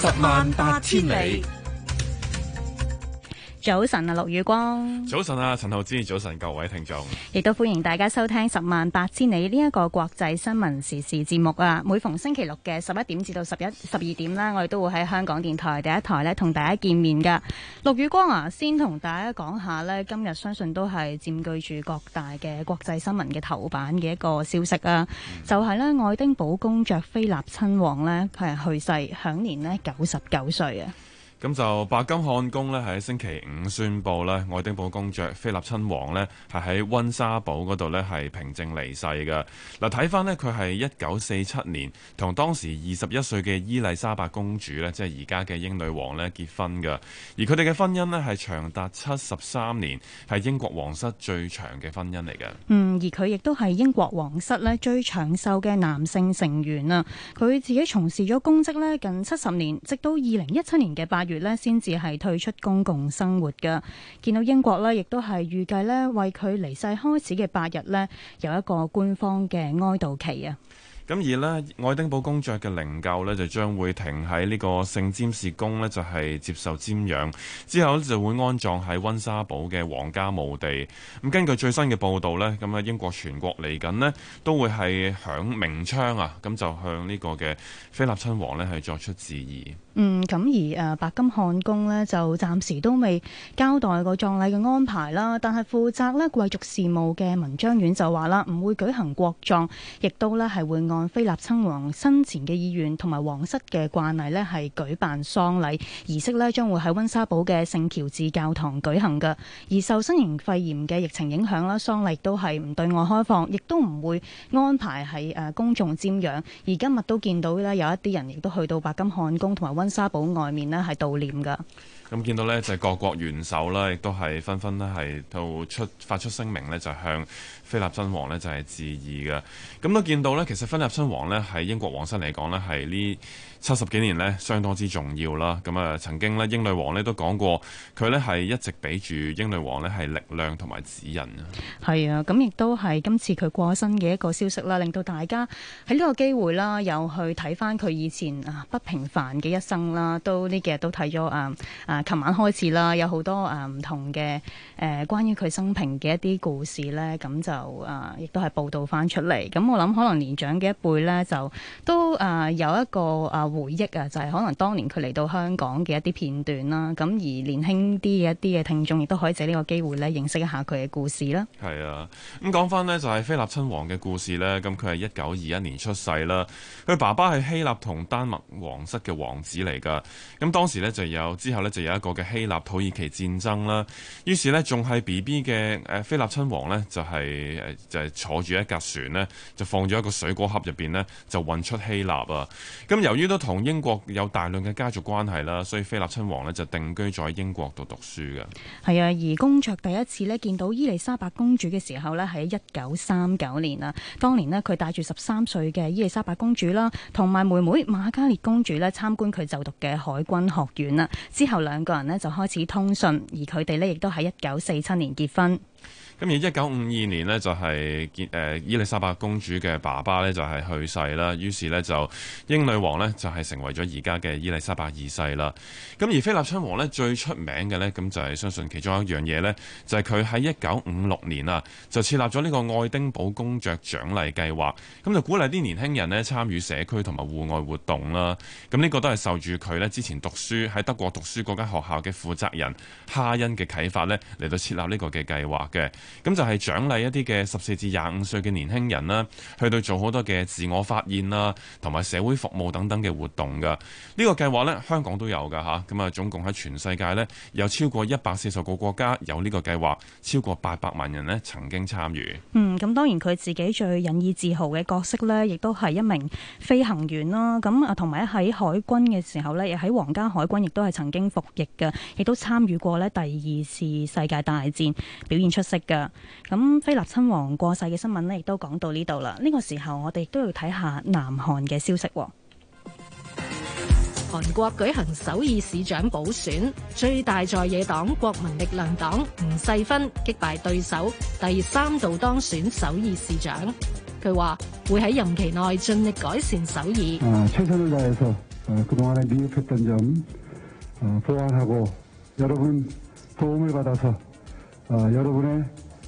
十萬八千里。早晨啊，陸宇光。早晨啊，陳浩之。早晨，各位聽眾，亦都歡迎大家收聽十萬八千里呢一個國際新聞時事節目啊！每逢星期六嘅十一點至到十一十二點呢，我哋都會喺香港電台第一台呢同大家見面噶。陸宇光啊，先同大家講下呢，今日相信都係佔據住各大嘅國際新聞嘅頭版嘅一個消息啊，就係呢愛丁堡公爵菲臘親王呢，佢係去世，享年呢九十九歲啊！咁就白金漢宮咧喺星期五宣布咧，愛丁堡公爵菲臘親王咧係喺溫莎堡嗰度咧係平靜離世嘅。嗱，睇翻咧佢係一九四七年同當時二十一歲嘅伊麗莎白公主咧，即係而家嘅英女王咧結婚嘅。而佢哋嘅婚姻咧係長達七十三年，係英國皇室最長嘅婚姻嚟嘅。嗯，而佢亦都係英國皇室咧最長壽嘅男性成員啊！佢自己從事咗公職咧近七十年，直到二零一七年嘅八月呢先至係退出公共生活噶，見到英國呢亦都係預計呢為佢離世開始嘅八日呢有一個官方嘅哀悼期啊。咁而呢愛丁堡公爵嘅靈柩呢，就將會停喺呢個聖詹士宮呢就係接受瞻仰，之後呢就會安葬喺溫莎堡嘅皇家墓地。咁根據最新嘅報道呢，咁喺英國全國嚟緊呢都會係響鳴槍啊，咁就向呢個嘅菲臘親王呢係作出致意。嗯，咁而誒白金漢宮呢，就暫時都未交代個葬禮嘅安排啦，但係負責呢貴族事務嘅紋章院就話啦，唔會舉行國葬，亦都呢係會按。菲臘親王生前嘅意願同埋皇室嘅慣例呢，係舉辦喪禮儀式呢，將會喺温莎堡嘅聖喬治教堂舉行噶。而受新型肺炎嘅疫情影響啦，喪禮都係唔對外開放，亦都唔會安排喺誒公眾瞻仰。而今日都見到呢，有一啲人亦都去到白金漢宮同埋溫莎堡外面呢，係悼念噶。咁見到呢，就係各國元首啦，亦都係紛紛呢，係到出發出聲明呢，就向菲臘親王呢，就係致意噶。咁都見到呢，其實。新王咧，喺英國王室嚟講咧，係呢。七十幾年呢，相當之重要啦。咁啊，曾經呢，英女王呢都講過，佢呢係一直俾住英女王呢係力量同埋指引。啊。係啊，咁亦都係今次佢過身嘅一個消息啦，令到大家喺呢個機會啦，又去睇翻佢以前啊不平凡嘅一生啦。都呢幾日都睇咗啊啊，琴晚開始啦，有好多啊唔同嘅誒關於佢生平嘅一啲故事呢。咁就啊亦都係報導翻出嚟。咁我諗可能年長嘅一輩呢，就都啊有一個啊。回憶啊，就係可能當年佢嚟到香港嘅一啲片段啦。咁而年輕啲嘅一啲嘅聽眾亦都可以借呢個機會咧，認識一下佢嘅故事啦。係啊，咁講翻咧就係、是、菲臘親王嘅故事咧。咁佢係一九二一年出世啦。佢爸爸係希臘同丹麥皇室嘅王子嚟噶，咁、嗯、當時咧就有之後咧就有一個嘅希臘土耳其戰爭啦。於是咧仲係 B B 嘅誒、呃、菲臘親王咧就係、是、誒就係、是、坐住一架船咧，就放咗一個水果盒入邊咧，就運出希臘啊。咁、嗯、由於都同英國有大量嘅家族關係啦，所以菲臘親王呢就定居在英國度讀書嘅。係啊，而公爵第一次呢見到伊麗莎白公主嘅時候呢，喺一九三九年啦。當年呢，佢帶住十三歲嘅伊麗莎白公主啦，同埋妹妹瑪嘉烈公主呢參觀佢就讀嘅海軍學院啦。之後兩個人呢就開始通訊，而佢哋呢亦都喺一九四七年結婚。咁而一九五二年呢，就係建伊麗莎白公主嘅爸爸呢，就係去世啦。於是呢，就英女王呢，就係成為咗而家嘅伊麗莎白二世啦。咁而菲臘親王呢，最出名嘅呢，咁就係相信其中一樣嘢呢，就係佢喺一九五六年啊，就設立咗呢個愛丁堡公爵獎勵計劃，咁就鼓勵啲年輕人呢參與社區同埋戶外活動啦。咁呢個都係受住佢呢之前讀書喺德國讀書嗰間學校嘅負責人哈恩嘅啟發呢嚟到設立呢個嘅計劃嘅。咁就係獎勵一啲嘅十四至廿五歲嘅年輕人啦，去到做好多嘅自我發現啦，同埋社會服務等等嘅活動噶。呢個計劃呢，香港都有噶嚇。咁啊，總共喺全世界呢，有超過一百四十個國家有呢個計劃，超過八百萬人呢曾經參與。嗯，咁當然佢自己最引以自豪嘅角色呢，亦都係一名飛行員啦。咁啊，同埋喺海軍嘅時候呢，喺皇家海軍亦都係曾經服役嘅，亦都參與過呢第二次世界大戰，表現出色嘅。咁菲臘親王過世嘅新聞咧，亦都講到呢度啦。呢個時候我哋都要睇下南韓嘅消息。韓國舉行首爾市長補選，最大在野黨國民力量黨吳世勳擊敗對手，第三度當選首爾市長。佢話會喺任期內盡力改善首爾。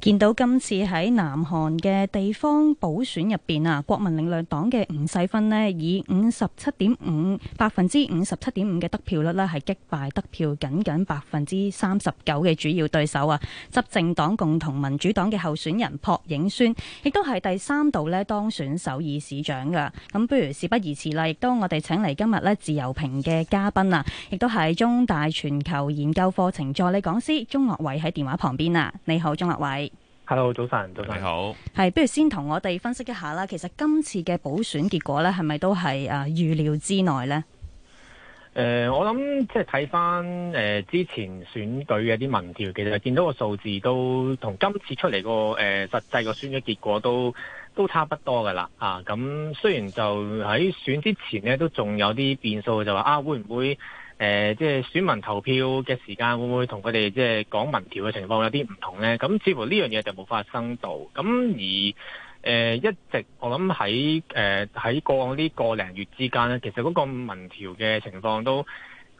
見到今次喺南韓嘅地方補選入面啊，國民領略黨嘅吳世勳呢，以五十七點五百分之五十七點五嘅得票率呢，係擊敗得票僅僅百分之三十九嘅主要對手啊，執政黨共同民主黨嘅候選人朴映宣，亦都係第三度呢當選首爾市長㗎。咁不如事不宜遲啦，亦都我哋請嚟今日呢自由評嘅嘉賓啊，亦都係中大全球研究課程助理講師鍾樂偉喺電話旁邊啊。你好，鍾樂偉。hello，早晨，早晨。你好。係，不如先同我哋分析一下啦。其實今次嘅補選結果咧，係咪都係誒預料之內咧？誒、呃，我諗即係睇翻誒之前選舉嘅啲民調，其實見到個數字都同今次出嚟個誒實際個選舉結果都都差不多噶啦。啊，咁雖然就喺選之前咧，都仲有啲變數，就話啊會唔會？誒、呃，即、就、係、是、選民投票嘅時間會唔會同佢哋即係講民調嘅情況有啲唔同呢？咁似乎呢樣嘢就冇發生到。咁而誒、呃、一直我諗喺誒喺過往呢個零月之間呢，其實嗰個民調嘅情況都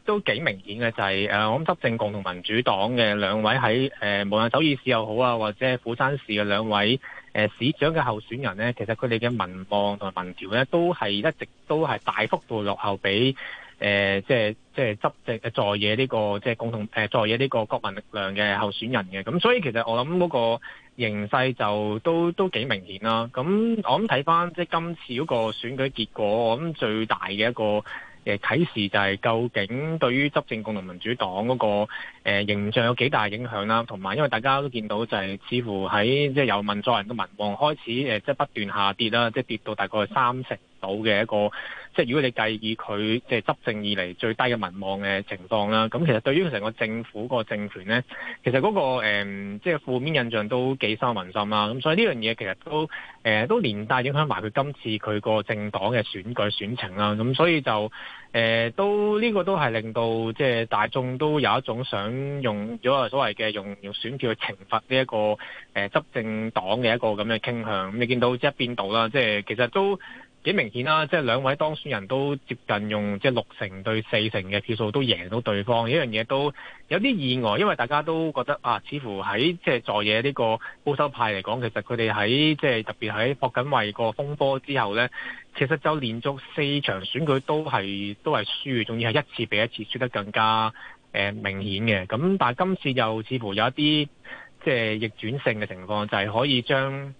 都幾明顯嘅，就係、是、誒我諗執政共同民主黨嘅兩位喺誒、呃、無論首爾市又好啊，或者釜山市嘅兩位誒、呃、市長嘅候選人呢，其實佢哋嘅民望同民調呢，都係一直都係大幅度落後俾。誒、呃，即係即係執政在野呢、這個即係共同誒、呃、在野呢個國民力量嘅候選人嘅，咁所以其實我諗嗰個形勢就都都幾明顯啦。咁我諗睇翻即係今次嗰個選舉結果，我諗最大嘅一個誒啟示就係究竟對於執政共同民主黨嗰、那個、呃、形象有幾大影響啦。同埋因為大家都見到就係似乎喺即係由文在寅嘅民望開始誒，即係不斷下跌啦，即係跌到大概三成到嘅一個。即係如果你介意佢即係執政以嚟最低嘅民望嘅情況啦，咁其實對於成個政府個政權咧，其實嗰、嗰個、呃、即係負面印象都幾傷民心啦。咁所以呢樣嘢其實都誒、呃、都連帶影響埋佢今次佢個政黨嘅選舉選情啦。咁所以就誒、呃、都呢、呢個都係令到即係大眾都有一種想用咗所謂嘅用用選票去懲罰呢一個誒執政黨嘅一個咁嘅傾向。咁你見到即係一邊倒啦，即係其實都。幾明顯啦，即係兩位當選人都接近用即係六成對四成嘅票數都贏到對方，呢樣嘢都有啲意外，因為大家都覺得啊，似乎喺即係在野呢個保守派嚟講，其實佢哋喺即係特別喺朴槿惠個風波之後呢，其實就連續四場選舉都係都係輸，仲要係一次比一次輸得更加、呃、明顯嘅。咁但係今次又似乎有一啲即係逆轉性嘅情況，就係、是、可以將。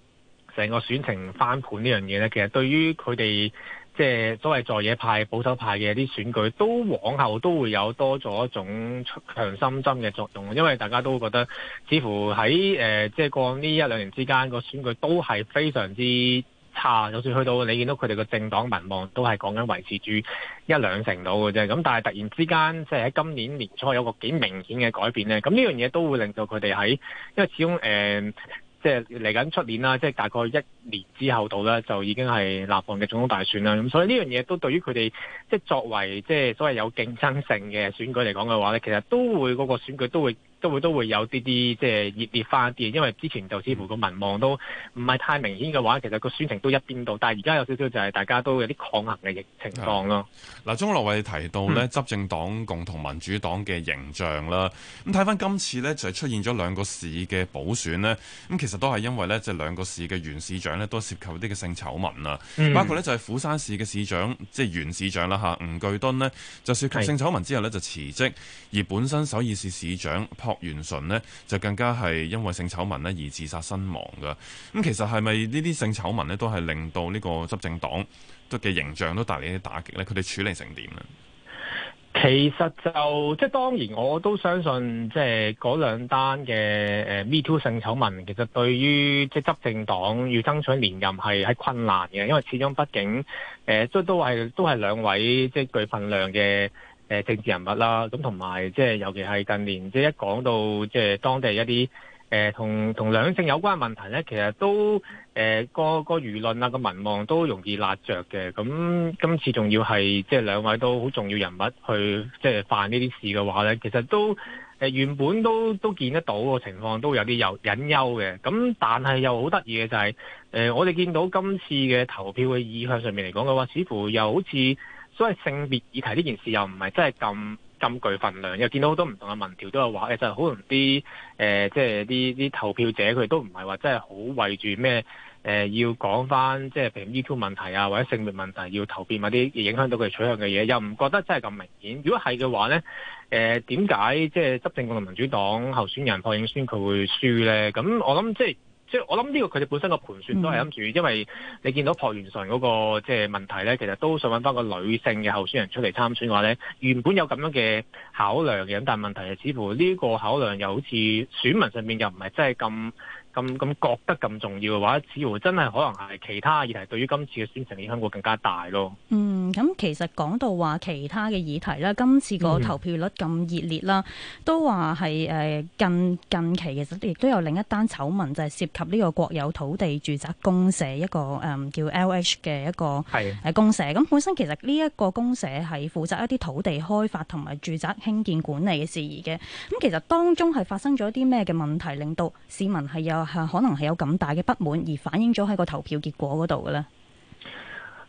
成個選情翻盤呢樣嘢呢，其實對於佢哋即係所謂在野派、保守派嘅啲選舉，都往後都會有多咗一種強心針嘅作用。因為大家都覺得，似乎喺誒即係過呢一兩年之間，個選舉都係非常之差，就算去到你見到佢哋個政黨民望都係講緊維持住一兩成到嘅啫。咁但係突然之間，即係喺今年年初有個幾明顯嘅改變呢。咁呢樣嘢都會令到佢哋喺，因為始終誒。呃即係嚟緊出年啦，即係大概一年之後到啦，就已經係立邦嘅總統大選啦。咁所以呢樣嘢都對於佢哋，即係作為即係所謂有競爭性嘅選舉嚟講嘅話咧，其實都會嗰個選舉都會。都會都會有啲啲即係熱烈化啲，因為之前就似乎個民望都唔係太明顯嘅話，其實個選情都一邊倒。但係而家有少少就係大家都有啲抗衡嘅情況咯。嗱，鍾樂偉提到呢、嗯、執政黨共同民主黨嘅形象啦，咁睇翻今次呢，就係出現咗兩個市嘅補選呢。咁其實都係因為呢，即係兩個市嘅原市長呢，都涉及啲嘅性醜聞啦，包括呢就係釜山市嘅市長即係、就是、原市長啦嚇吳巨敦呢，就涉及性醜聞之後呢，就辭職，而本身首爾市市長，朴元淳呢，就更加係因為性醜聞咧而自殺身亡噶。咁其實係咪呢啲性醜聞咧都係令到呢個執政黨都嘅形象都帶嚟一啲打擊呢？佢哋處理成點呢？其實就即係當然，我都相信即係嗰兩單嘅誒、呃、MeToo 性醜聞，其實對於即係執政黨要爭取連任係喺困難嘅，因為始終畢竟誒、呃、都係都係都係兩位即係具份量嘅。誒政治人物啦，咁同埋即係尤其係近年，即係一講到即係當地一啲誒同同兩性有關嘅問題咧，其實都誒、呃、個個輿論啊個民望都容易揦着嘅。咁今次仲要係即係兩位都好重要人物去即係、就是、犯呢啲事嘅話咧，其實都誒、呃、原本都都見得到個情況都有啲有隱憂嘅。咁但係又好得意嘅就係誒我哋見到今次嘅投票嘅意向上面嚟講嘅話似乎又好似。都係性別議題呢件事又唔係真係咁咁具分量，又見到好多唔同嘅民調都有話，其實就係好容啲誒，即係啲啲投票者佢都唔係話真係好為住咩誒要講翻，即係譬如 YouTube 問題啊或者性別問題要投票或啲影響到佢取向嘅嘢，又唔覺得真係咁明顯。如果係嘅話咧，誒點解即係執政共同民主黨候選人朴映宣佢會輸咧？咁我諗即係。即係我諗呢個佢哋本身個盤算都係諗住，因為你見到朴元淳嗰個即係問題咧，其實都想搵返個女性嘅候選人出嚟參選嘅話咧，原本有咁樣嘅考量嘅，但係問題係似乎呢個考量又好似選民上面又唔係真係咁。咁咁覺得咁重要嘅話，似乎真係可能係其他議題對於今次嘅選情影響會更加大咯。嗯、咁、嗯、其實講到話其他嘅議題啦，今次個投票率咁熱烈啦，都話係誒近近期其實亦都有另一單醜聞就係、是、涉及呢個國有土地住宅公社一個誒、嗯、叫 LH 嘅一個係誒公社。咁本身其實呢一個公社係負責一啲土地開發同埋住宅興建管理嘅事宜嘅。咁其實當中係發生咗啲咩嘅問題令到市民係有？可能係有咁大嘅不滿而反映咗喺個投票結果嗰度嘅咧。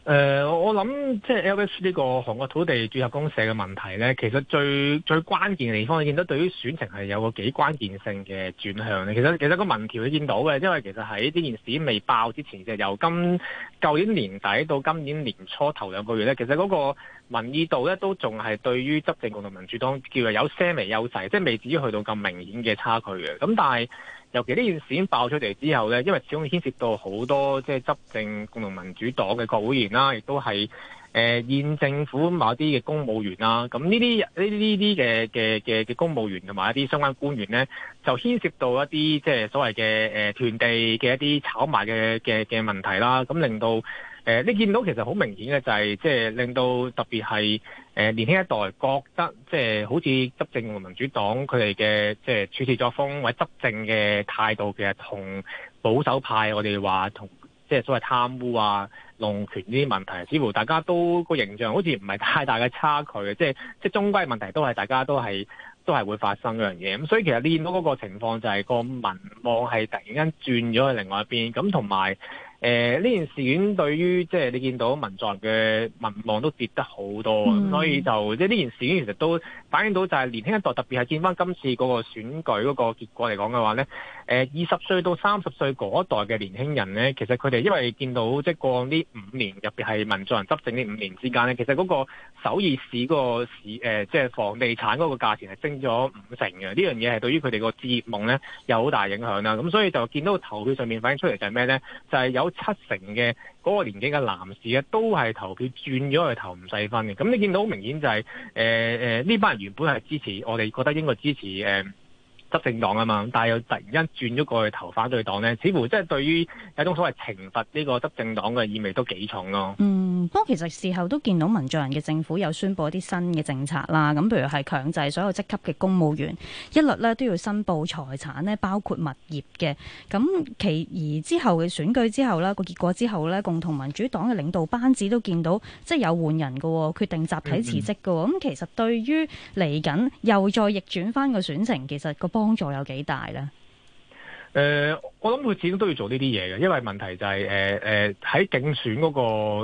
誒、呃，我諗即係 LH 呢個韓國土地註冊公社嘅問題呢，其實最最關鍵嘅地方看的的，你見到對於選情係有個幾關鍵性嘅轉向。其實其實個民調你見到嘅，因為其實喺呢件事未爆之前，就由今舊年年底到今年年初頭兩個月呢，其實嗰個民意度呢都仲係對於執政共同民主黨叫做有些微優勢，即係未至於去到咁明顯嘅差距嘅。咁但係。尤其呢件事已經爆出嚟之後咧，因為始終牽涉到好多即係、就是、執政共同民主黨嘅國會員啦、啊，亦都係。誒、呃、現政府某啲嘅公務員啦，咁呢啲呢呢啲嘅嘅嘅嘅公務員同埋一啲相關官員咧，就牽涉到一啲即係所謂嘅誒團地嘅一啲炒賣嘅嘅嘅問題啦，咁令到誒、呃、你見到其實好明顯嘅就係即係令到特別係、呃、年輕一代覺得即係、就是、好似執政民主黨佢哋嘅即係處事作風或者執政嘅態度其實同保守派我哋話同。即係所謂貪污啊、弄權呢啲問題，似乎大家都、個形象好似唔係太大嘅差距，即係即係終歸問題都係大家都係都係會發生嗰樣嘢，咁所以其實練到嗰個情況就係個民望係突然間轉咗去另外一邊，咁同埋。誒、呃、呢件事件對於即係你見到民主黨嘅民望都跌得好多，嗯，所以就即係呢件事件其實都反映到就係年輕一代，特別係見翻今次嗰個選舉嗰個結果嚟講嘅話呢，誒二十歲到三十歲嗰一代嘅年輕人呢，其實佢哋因為見到即係過往呢五年特別係民主黨執政呢五年之間呢，其實嗰個首爾市嗰個市誒、呃、即係房地產嗰個價錢係升咗五成嘅。這件事是對於他們的呢樣嘢係對於佢哋個置業夢呢有好大影響啦。咁所以就見到投票上面反映出嚟就係咩呢？就係、是、有。七成嘅嗰個年紀嘅男士嘅、啊、都係投票轉咗去投吳世勳嘅，咁你見到好明顯就係誒誒呢班人原本係支持我哋覺得應該支持誒、呃執政黨啊嘛，但係又突然間轉咗過去投反對黨呢。似乎即係對於有種所謂懲罰呢個執政黨嘅意味都幾重咯。嗯，不過其實事後都見到文在寅嘅政府有宣佈一啲新嘅政策啦，咁譬如係強制所有職級嘅公務員一律呢都要申報財產咧，包括物業嘅。咁其而之後嘅選舉之後呢，個結果之後呢，共同民主黨嘅領導班子都見到即係、就是、有換人嘅、哦，決定集體辭職嘅、哦。咁、嗯嗯嗯嗯、其實對於嚟緊又再逆轉翻個選情，其實、那個幫助有幾大呢？誒、呃，我諗佢始終都要做呢啲嘢嘅，因為問題就係誒誒喺競選嗰，那個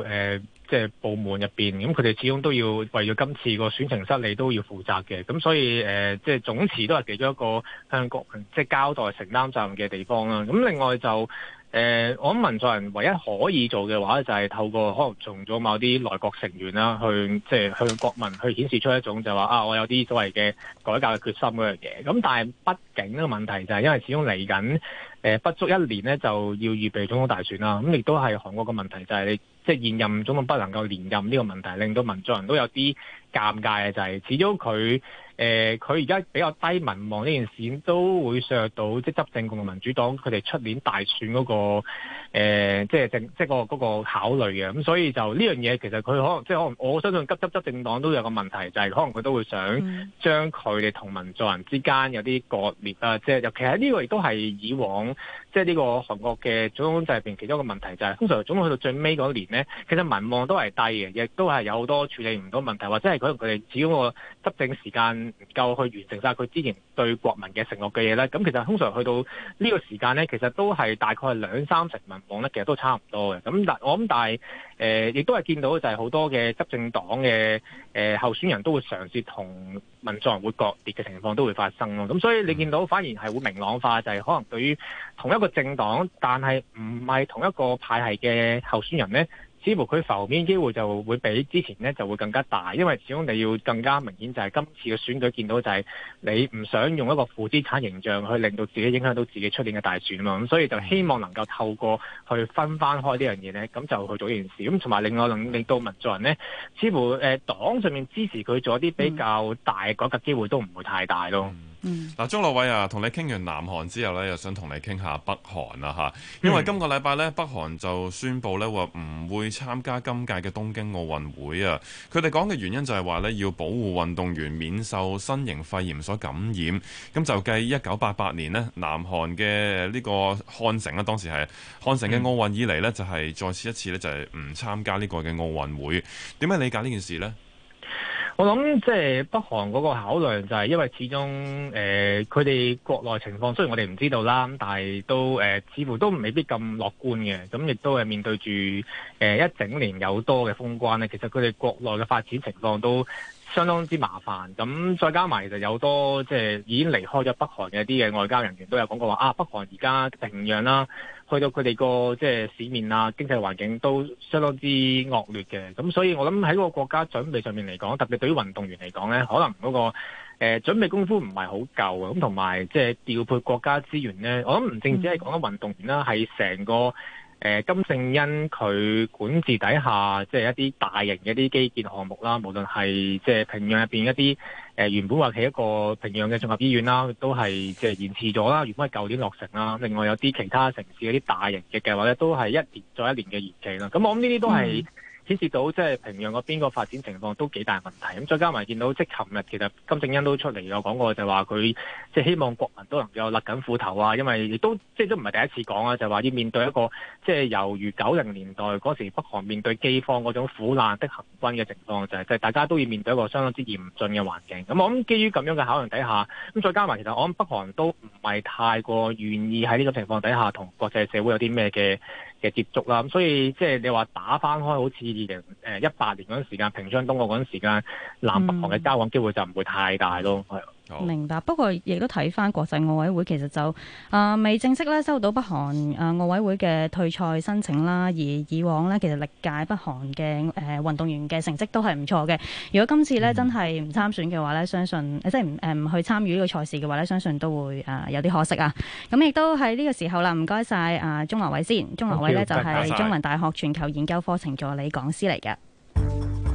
誒即係部門入邊，咁佢哋始終都要為咗今次個選情失利都要負責嘅，咁所以誒即係總辭都係其中一個向國即係交代承擔責任嘅地方啦。咁另外就。誒、呃，我諗民粹人唯一可以做嘅話，就係透過可能重組某啲內閣成員啦、就是，去即係向國民去顯示出一種就係話啊，我有啲所謂嘅改革嘅決心嗰樣嘢。咁但係畢竟呢個問題就係因為始終嚟緊誒不足一年咧，就要預備總統大選啦。咁亦都係韓國嘅問題，就係你即係現任總統不能夠連任呢個問題，令到民粹人都有啲尷尬嘅就係、是，始終佢。誒、呃，佢而家比較低民望呢件事，都會削弱到即執政共同民主黨。佢哋出年大選嗰、那個誒、呃，即政即、那個嗰、那個考慮嘅。咁、嗯、所以就呢樣嘢，其實佢可能即可能我相信急急執政黨都有個問題，就係、是、可能佢都會想將佢哋同民族人之間有啲割裂啊、嗯。即尤其喺呢個亦都係以往即呢個韓國嘅總統制入面其中一個問題、就是，就係通常總統去到最尾嗰年呢，其實民望都係低嘅，亦都係有好多處理唔到問題，或者係佢哋始終個執政時間。唔夠去完成晒佢之前對國民嘅承諾嘅嘢咧，咁其實通常去到呢個時間呢，其實都係大概兩三成民望咧，其實都差唔多嘅。咁但我諗，但係誒，亦都係見到就係好多嘅執政黨嘅誒候選人都會嘗試同民眾會割裂嘅情況都會發生咯。咁所以你見到反而係會明朗化，就係可能對於同一個政黨，但係唔係同一個派系嘅候選人呢。似乎佢浮面機會就會比之前呢就會更加大，因為始終你要更加明顯就係、是，今次嘅選舉見到就係你唔想用一個負資產形象去令到自己影響到自己出年嘅大選嘛，咁所以就希望能夠透過去分翻開呢樣嘢呢，咁就去做呢件事，咁同埋另外令到民族人呢，似乎誒黨、呃、上面支持佢做一啲比較大改革機會都唔會太大咯。嗱、嗯，鍾樂偉啊，同你傾完南韓之後呢，又想同你傾下北韓啦、啊、嚇，因為今個禮拜呢，北韓就宣佈呢，話唔會參加今屆嘅東京奧運會啊。佢哋講嘅原因就係話呢，要保護運動員免受新型肺炎所感染。咁就計一九八八年呢，南韓嘅呢個漢城啊，當時係漢城嘅奧運以嚟呢，嗯、就係、是、再次一次呢，就係、是、唔參加呢個嘅奧運會。點樣理解呢件事呢？我諗即係北韓嗰個考量就係，因為始終誒佢哋國內情況，雖然我哋唔知道啦，但係都誒、呃、似乎都未必咁樂觀嘅，咁亦都係面對住誒、呃、一整年有多嘅封關咧。其實佢哋國內嘅發展情況都。相當之麻煩，咁再加埋其實有多即係，就是，已經離開咗北韓嘅一啲嘅外交人員都有講過話啊，北韓而家定樣啦，去到佢哋個即係市面啊，經濟環境都相當之惡劣嘅，咁所以我諗喺個國家準備上面嚟講，特別對於運動員嚟講呢，可能嗰，那個誒、呃、準備功夫唔係好夠啊，咁同埋即係調配國家資源呢，我諗唔淨止係講緊運動員啦，係成個。誒金正恩佢管治底下，即係一啲大型嘅啲基建項目啦，無論係即係平壤入面一啲誒原本話起一個平壤嘅綜合醫院啦，都係即係延遲咗啦。原本係舊年落成啦，另外有啲其他城市嘅啲大型嘅計劃咧，都係一年再一年嘅延期啦。咁我諗呢啲都係，嗯顯示到即係平壤嗰邊個發展情況都幾大問題，咁再加埋見到即係琴日其實金正恩都出嚟有講過，就話佢即係希望國民都能夠勒緊褲頭啊，因為亦都即係都唔係第一次講啊，就話要面對一個即係猶如九零年代嗰時北韓面對饑荒嗰種苦難的行軍嘅情況，就係即係大家都要面對一個相當之嚴峻嘅環境。咁我諗基於咁樣嘅考量底下，咁再加埋其實我諗北韓都唔係太過願意喺呢種情況底下同國際社會有啲咩嘅。嘅接觸啦，咁所以即係你話打翻開，好似二零誒一八年嗰陣時間，平昌冬奧嗰陣時間，南北韓嘅交往機會就唔會太大咯。嗯。明白，不過亦都睇返國際奧委會其實就啊未、呃、正式咧收到北韓誒奧委會嘅退賽申請啦，而以往呢，其實歷屆北韓嘅誒運動員嘅成績都係唔錯嘅。如果今次呢真係唔參選嘅話呢，相信、嗯、即係唔、呃、去參與呢個賽事嘅話呢，相信都會誒、呃、有啲可惜啊。咁亦都係呢個時候啦，唔該晒啊鍾樂偉先，鍾樂偉呢就係、是、中文大學全球研究課程助理講師嚟嘅。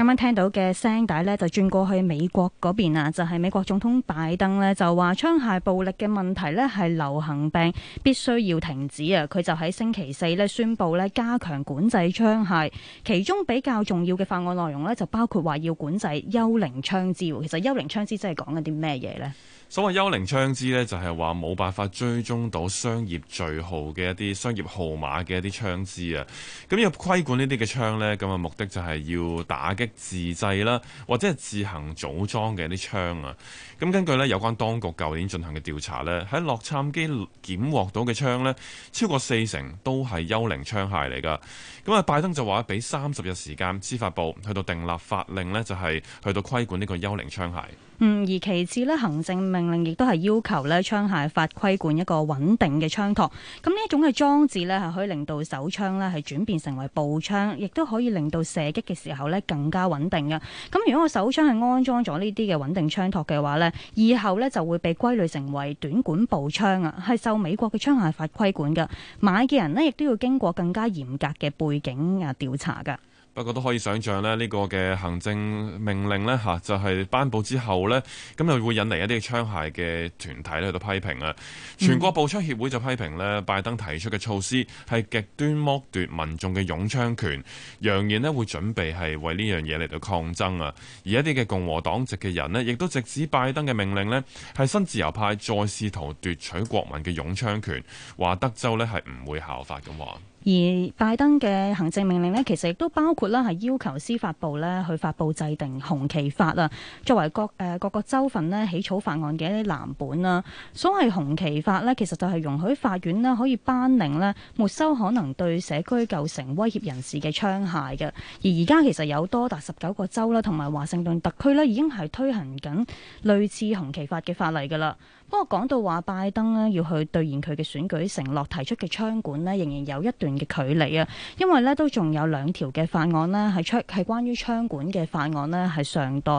啱啱聽到嘅聲帶咧，就轉過去美國嗰邊啊，就係、是、美國總統拜登呢，就話槍械暴力嘅問題呢係流行病，必須要停止啊！佢就喺星期四呢宣布呢加強管制槍械，其中比較重要嘅法案內容呢，就包括話要管制幽靈槍支。其實幽靈槍支真係講緊啲咩嘢呢？所謂幽靈槍支呢，就係話冇辦法追蹤到商業序號嘅一啲商業號碼嘅一啲槍支啊。咁要規管呢啲嘅槍呢，咁嘅目的就係要打擊自製啦，或者係自行組裝嘅一啲槍啊。咁根據呢有關當局舊年進行嘅調查呢，喺洛杉磯檢獲到嘅槍呢，超過四成都係幽靈槍械嚟㗎。咁啊，拜登就話俾三十日時間，司法部去到訂立法令呢就係、是、去到規管呢個幽靈槍械。嗯，而其次呢行政命令亦都係要求呢槍械法規管一個穩定嘅槍托。咁呢一種嘅裝置呢，係可以令到手槍呢係轉變成為步槍，亦都可以令到射擊嘅時候呢更加穩定嘅。咁如果個手槍係安裝咗呢啲嘅穩定槍托嘅話呢，以後呢就會被歸類成為短管步槍啊，係受美國嘅槍械法規管嘅。買嘅人呢亦都要經過更加嚴格嘅背景啊，調查噶，不過都可以想像呢個嘅行政命令呢，就係頒布之後呢，咁又會引嚟一啲槍械嘅團體咧去到批評啊。全國步槍協會就批評呢拜登提出嘅措施係極端剝奪民眾嘅擁槍權，揚言呢會準備係為呢樣嘢嚟到抗爭啊。而一啲嘅共和黨籍嘅人呢，亦都直指拜登嘅命令呢，係新自由派再試圖奪取國民嘅擁槍權，話德州呢，係唔會效法嘅喎。而拜登嘅行政命令咧，其實亦都包括啦，係要求司法部咧去發佈制定紅旗法啦，作為各誒各個州份咧起草法案嘅一啲藍本啦。所謂紅旗法咧，其實就係容許法院咧可以頒令咧沒收可能對社區構成威脅人士嘅槍械嘅。而而家其實有多達十九個州啦，同埋華盛頓特區咧已經係推行緊類似紅旗法嘅法例噶啦。不過講到話拜登咧要去兌現佢嘅選舉承諾提出嘅槍管咧，仍然有一段。嘅距離啊，因為呢都仲有兩條嘅法案呢，係槍係關於槍管嘅法案呢，係上代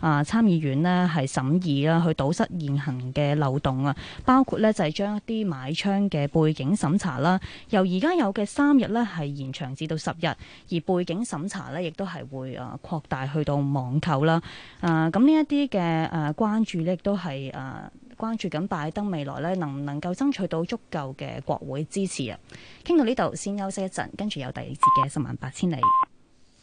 啊、呃、參議院呢係審議啦，去堵塞現行嘅漏洞啊，包括呢就係、是、將一啲買槍嘅背景審查啦，由而家有嘅三日呢係延長至到十日，而背景審查呢亦都係會啊、呃、擴大去到網購啦，啊咁呢一啲嘅誒關注呢，亦都係啊。呃關注緊拜登未來咧，能唔能夠爭取到足夠嘅國會支持啊？傾到呢度先休息一陣，跟住有第二節嘅十萬八千里。